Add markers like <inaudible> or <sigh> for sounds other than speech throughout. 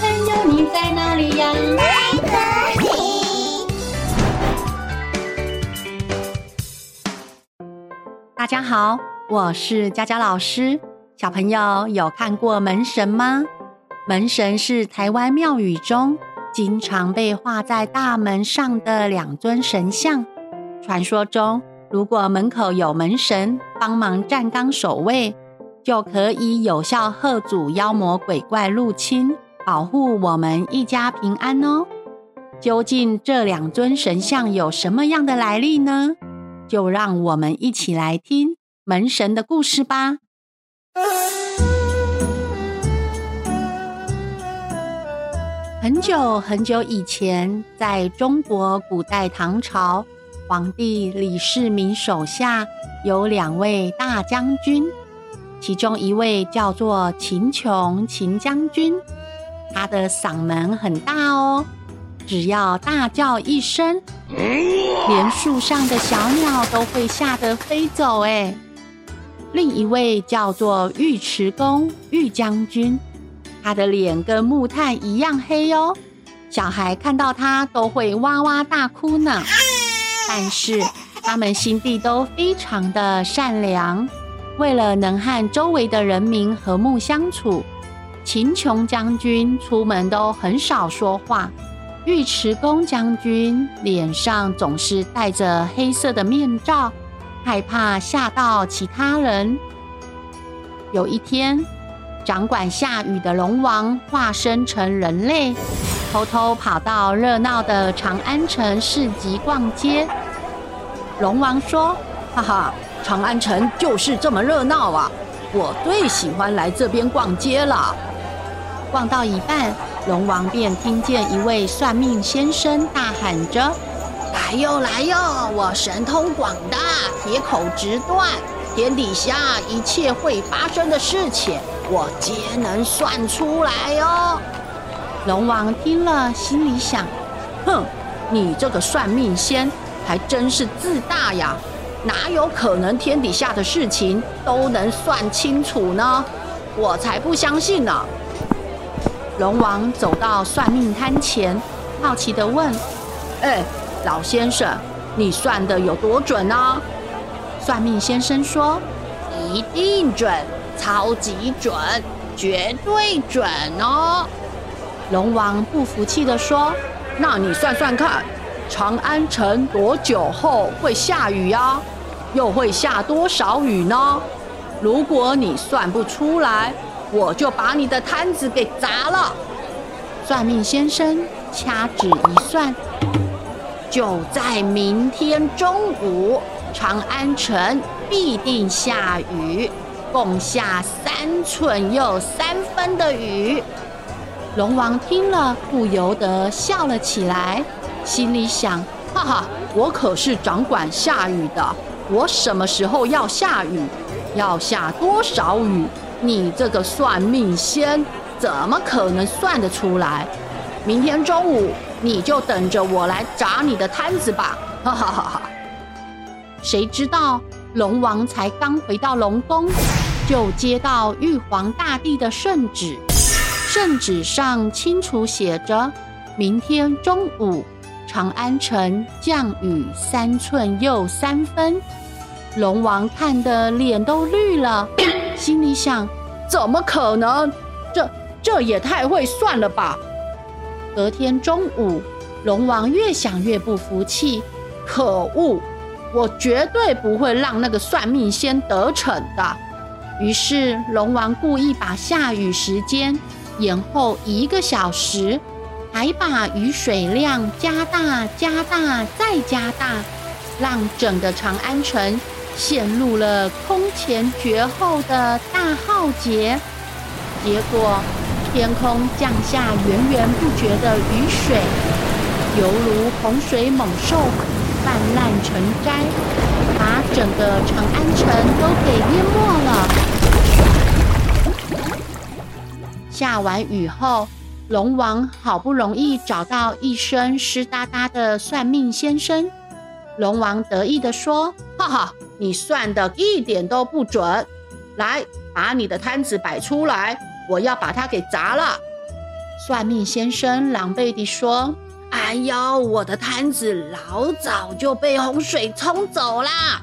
朋友，你在哪裡呀？在這裡。大家好，我是佳佳老師。小朋友有看過門神嗎？門神是台灣廟宇中經常被畫在大門上的兩尊神像。傳說中，如果門口有門神幫忙站崗守衛，就可以有效嚇阻妖魔鬼怪入侵。保護我們一家平安哦！究竟這兩尊神像有什麼樣的來歷呢？就讓我們一起來聽門神的故事吧。很久很久以前，在中國古代唐朝，皇帝李世民手下有兩位大將軍，其中一位叫做秦瓊，秦將軍。他的嗓門很大哦，只要大叫一聲，連樹上的小鳥都會嚇得飛走哎。另一位叫做尉遲恭、尉將軍，他的臉跟木炭一樣黑哦，小孩看到他都會哇哇大哭呢。但是他們心地都非常的善良，為了能和周圍的人民和睦相處。秦瓊將軍出門都很少說話，尉遲恭將軍臉上總是戴着黑色的面罩，害怕嚇到其他人。有一天，掌管下雨的龍王化身成人類，偷偷跑到熱鬧的長安城市集逛街。龍王說：“哈哈，長安城就是這麼熱鬧啊！我最喜歡來這邊逛街了。”逛到一半，龍王便聽見一位算命先生大喊着、哦：“來喲來喲，我神通廣大，鐵口直斷，天底下一切會發生的事情，我皆能算出來喲、哦。”龍王聽了，心裡想：“哼，你這個算命仙還真是自大呀！哪有可能天底下的事情都能算清楚呢？我才不相信呢、啊！”龍王走到算命攤前，好奇地問：“哎，老先生，你算的有多準呢？”算命先生說：“一定準，超級準，絕對準哦。”龍王不服氣地說：“那你算算看，長安城多久後會下雨呀？又會下多少雨呢？如果你算不出來。”我就把你的攤子給砸了。算命先生掐指一算，就在明天中午，長安城必定下雨，共下三寸又三分的雨。龍王聽了不由得笑了起來，心裡想：哈哈，我可是掌管下雨的，我什麼時候要下雨？要下多少雨？你這個算命仙，怎麼可能算得出來？明天中午，你就等着我來砸你的攤子吧！哈哈哈哈。誰知道龍王才剛回到龍宮，就接到玉皇大帝的聖旨，聖旨上清楚寫着：明天中午，長安城降雨三寸又三分。龍王看得臉都綠了。 <coughs> 心裡想：怎麼可能？這這也太會算了吧！隔天中午，龍王越想越不服氣，可惡！我絕對不會讓那個算命仙得逞的。於是，龍王故意把下雨時間延後一個小時，還把雨水量加大、加大再加大，讓整個長安城。陷入了空前絕後的大浩劫，結果天空降下源源不絕的雨水，猶如洪水猛獸，氾濫成災，把整個長安城都給淹沒了。下完雨後，龍王好不容易找到一身濕噠噠的算命先生，龍王得意地說：“哈哈。”你算的一點都不準，來，把你的攤子擺出來，我要把它給砸了。算命先生狼狽地說：“哎呦，我的攤子老早就被洪水沖走啦，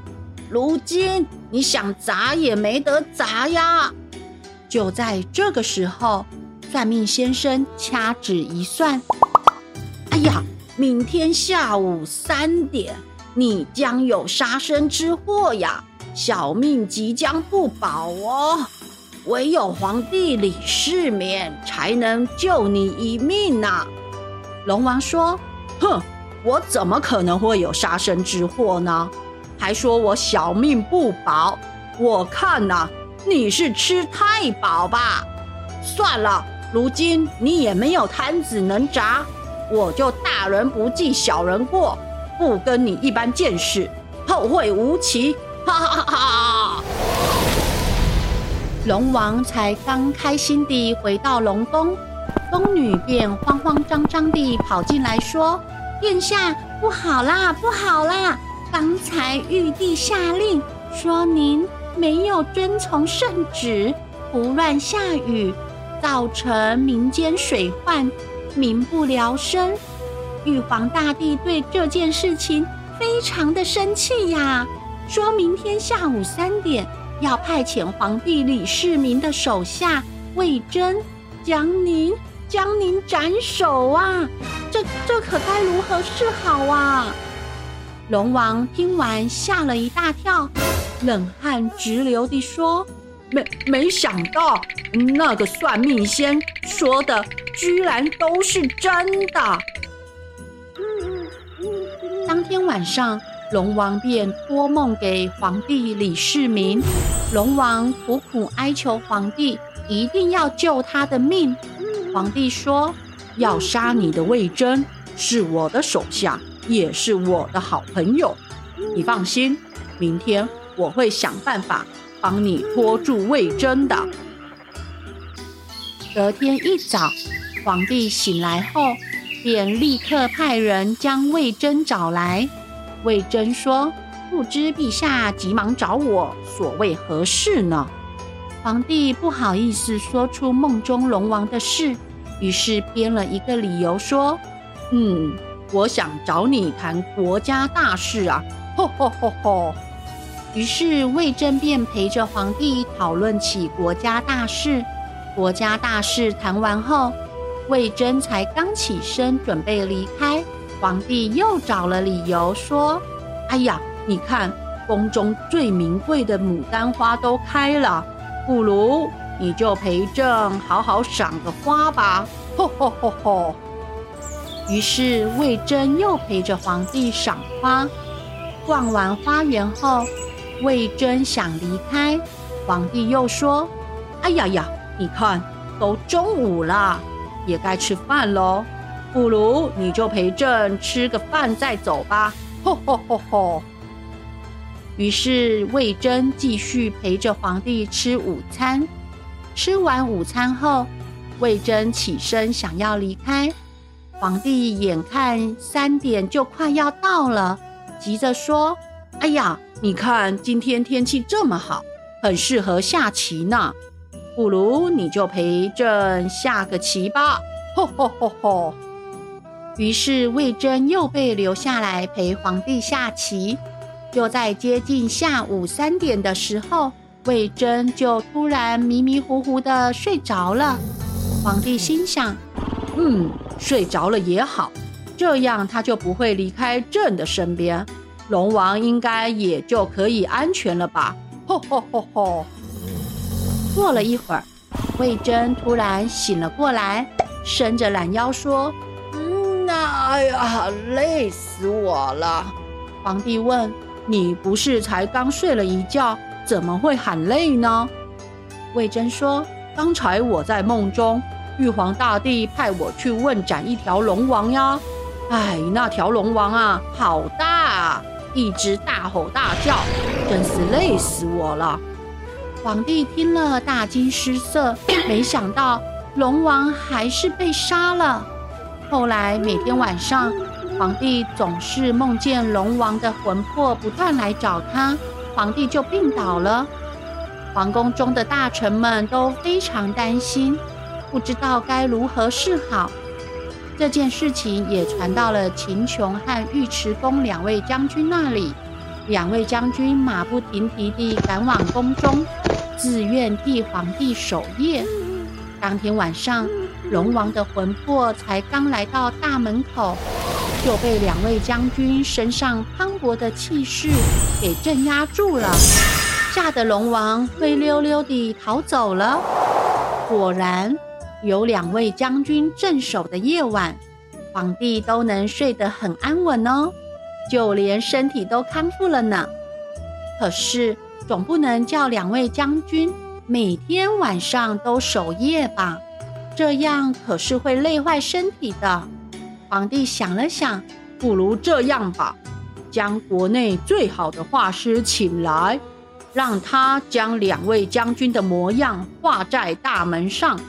如今你想砸也沒得砸呀。”就在這個時候，算命先生掐指一算：“哎呀，明天下午三點。”你將有殺身之禍呀，小命即將不保哦。唯有皇帝李世民才能救你一命吶、啊。龍王說：“哼，我怎麼可能會有殺身之禍呢？還說我小命不保，我看吶、啊，你是吃太飽吧。算了，如今你也沒有攤子能砸，我就大人不記小人過。”不跟你一般見識，後會無期！哈！哈哈哈哈。龍王才剛開心地回到龍宮，宮女便慌慌張張張地跑進來，說：“殿下，不好啦，不好啦！剛才玉帝下令說您沒有遵從聖旨，胡亂下雨，造成民間水患，民不聊生。”玉皇大帝對這件事情非常的生氣呀，說明天下午三點要派遣皇帝李世民的手下魏徵、將您將您斬首啊！這這可該如何是好啊？龍王聽完嚇了一大跳，冷汗直流地說：“沒沒想到那個算命仙說的居然都是真的。”天晚上，龍王便托夢給皇帝李世民。龍王苦苦哀求皇帝一定要救他的命。皇帝說：“要殺你的魏徵是我的手下，也是我的好朋友。你放心，明天我會想辦法幫你拖住魏徵的。”隔天一早，皇帝醒來後。便立刻派人將魏徵找來。魏徵說：“不知陛下急忙找我，所為何事呢？”皇帝不好意思說出夢中龍王的事，於是編了一個理由說：“嗯，我想找你談國家大事啊。”哈哈哈！於是魏徵便陪着皇帝討論起國家大事。國家大事談完後。魏徵才剛起身準備離開，皇帝又找了理由說：“哎呀，你看宮中最名貴的牡丹花都開了，不如你就陪朕好好賞個花吧！”呵呵呵呵！於是魏徵又陪着皇帝賞花。逛完花園後，魏徵想離開，皇帝又說：“哎呀呀，你看都中午了。”也該吃飯嘍，不如你就陪朕吃個飯再走吧。吼吼吼吼！於是魏徵繼續陪着皇帝吃午餐。吃完午餐後，魏徵起身想要離開，皇帝眼看三點就快要到了，急着說：“哎呀，你看今天天氣這麼好，很適合下棋呢。”不如你就陪朕下個棋吧！吼吼吼吼。於是魏徵又被留下來陪皇帝下棋。就在接近下午三點的時候，魏徵就突然迷迷糊糊地睡着了。皇帝心想：嗯，睡着了也好，這樣他就不會離開朕的身邊，龍王應該也就可以安全了吧！吼吼吼吼。過了一會兒，魏徵突然醒了過來，伸着懶腰說：“嗯那、啊，哎呀，累死我了！”皇帝問：“你不是才剛睡了一覺，怎麼會喊累呢？”魏徵說：“剛才我在夢中，玉皇大帝派我去問斬一條龍王呀！哎，那條龍王啊，好大啊，一直大吼大叫，真是累死我了。”皇帝聽了大驚失色，沒想到龍王還是被殺了。後來每天晚上，皇帝總是夢見龍王的魂魄不斷來找他，皇帝就病倒了。皇宮中的大臣們都非常擔心，不知道該如何是好。這件事情也傳到了秦瓊和尉遲恭兩位將軍那裡，兩位將軍馬不停蹄地趕往宮中。自願替皇帝守夜。當天晚上，龍王的魂魄才剛來到大門口，就被兩位將軍身上磅礴的氣勢給鎮壓住了，嚇得龍王灰溜溜地逃走了。果然，有兩位將軍鎮守的夜晚，皇帝都能睡得很安穩哦，就連身體都康復了呢。可是，總不能叫兩位將軍每天晚上都守夜吧？這樣可是會累壞身體的。皇帝想了想，不如這樣吧，將國內最好的畫師請來，讓他將兩位將軍的模樣畫在大門上。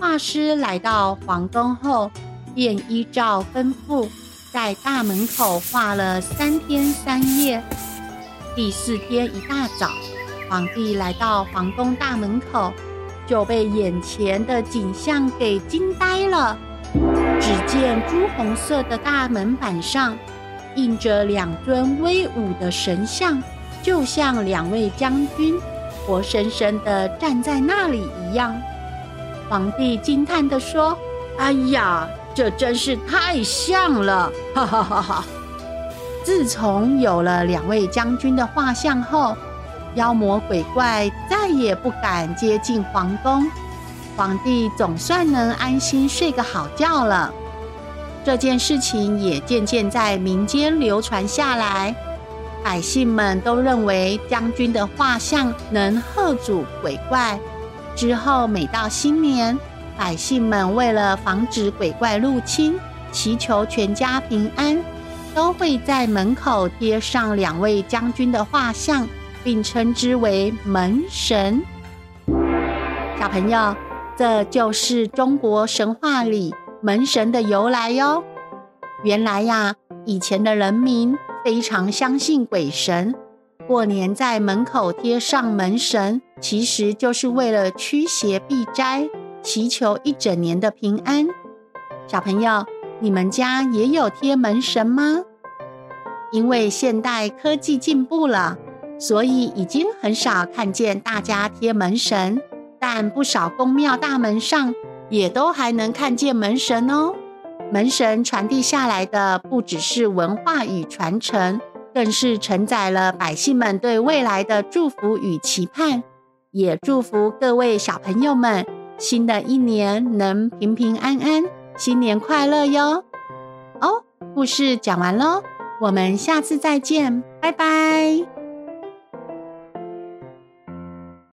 畫師來到皇宮後，便依照吩咐，在大門口畫了三天三夜。第四天一大早，皇帝來到皇宮大門口，就被眼前的景象給驚呆了。只見朱紅色的大門板上，印着兩尊威武的神像，就像兩位將軍活生生的站在那裡一樣。皇帝驚嘆地說：“哎呀，這真是太像了！”哈哈哈哈哈。自從有了兩位將軍的畫像後，妖魔鬼怪再也不敢接近皇宮，皇帝總算能安心睡個好覺了。這件事情也漸漸在民間流傳下來，百姓們都認為將軍的畫像能嚇阻鬼怪。之後每到新年，百姓們為了防止鬼怪入侵，祈求全家平安，都會在門口貼上兩位將軍的畫像，並稱之為門神。小朋友，這就是中國神話裡門神的由來喲。原來呀，以前的人民非常相信鬼神，過年在門口貼上門神，其實就是為了驅邪避災，祈求一整年的平安。小朋友。你們家也有貼門神嗎？因為現代科技進步了，所以已經很少看見大家貼門神，但不少宮廟大門上也都還能看見門神哦。門神傳遞下來的不只是文化與傳承，更是承載了百姓們對未來的祝福與期盼。也祝福各位小朋友們，新的一年能平平安安。新年快樂喲！哦，故事講完咯，我們下次再見，拜拜。